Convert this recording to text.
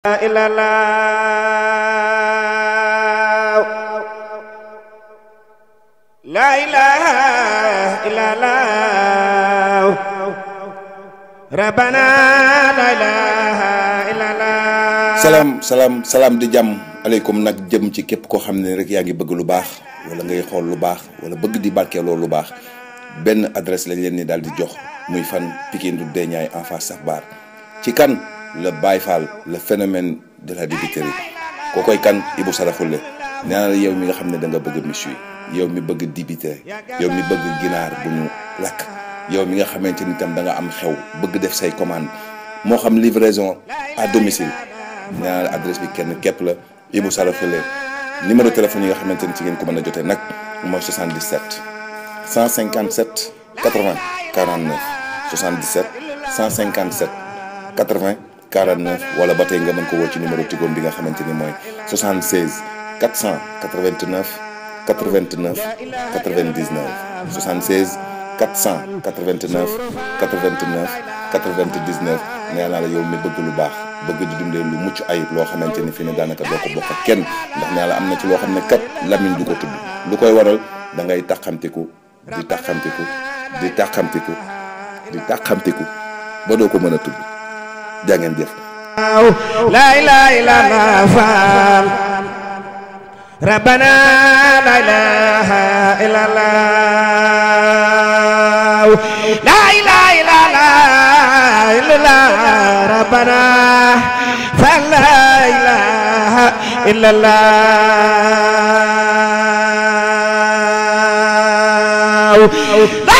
إلا الله لا إله salaam salaam salaam di jàmm aleykum nag jëm ci képp koo xam ne rek yaa ngi bëgg lu baax wala ngay xool lu baax wala bëgg di barkeeloo lu baax benn adresse lañ leen ni daal di jox muy fan Pikine du Deñaay en face Sax Baar ci kan le Baye Fall le phénomène de la débiterie ko koy kan Ibou Saraxule nee na yow mi nga xam ne da nga bëgg méchoui yow mi bëgg dibité yow mi bëgg ginaar bu ñu lakk yow mi nga xamante ni tam da am xew bëgg def say commande moo xam livraison à domicile nee na la bi kenn képp la Ibou Saraxule numéro téléphone yi nga xamante ni ci ngeen ko mën a jotee nag mooy 77 157 80 49 77 157 80 49 wala ba tey nga mën ko woo ci numéro Tigo bi nga xamante ni mooy 76 489 89 99 76 489 89 99 nee naa la yow mi bëgg lu baax bëgg di dundee lu mucc ayib loo xamante ni fi ne daanaka doo ko bokk kenn ndax nee la am na ci loo xam ne kat lamiñ du ko tudd lu koy waral da ngay taxamtiku di taxamtiku di taxamtiku di taxamtiku ba doo ko mën a tudd. jaa ngeen jëf. laa ilaaha illallaah faal rabbana laa ilaaha illallaah laa ilaaha illallaah rabbana faal laa ilaaha illallaah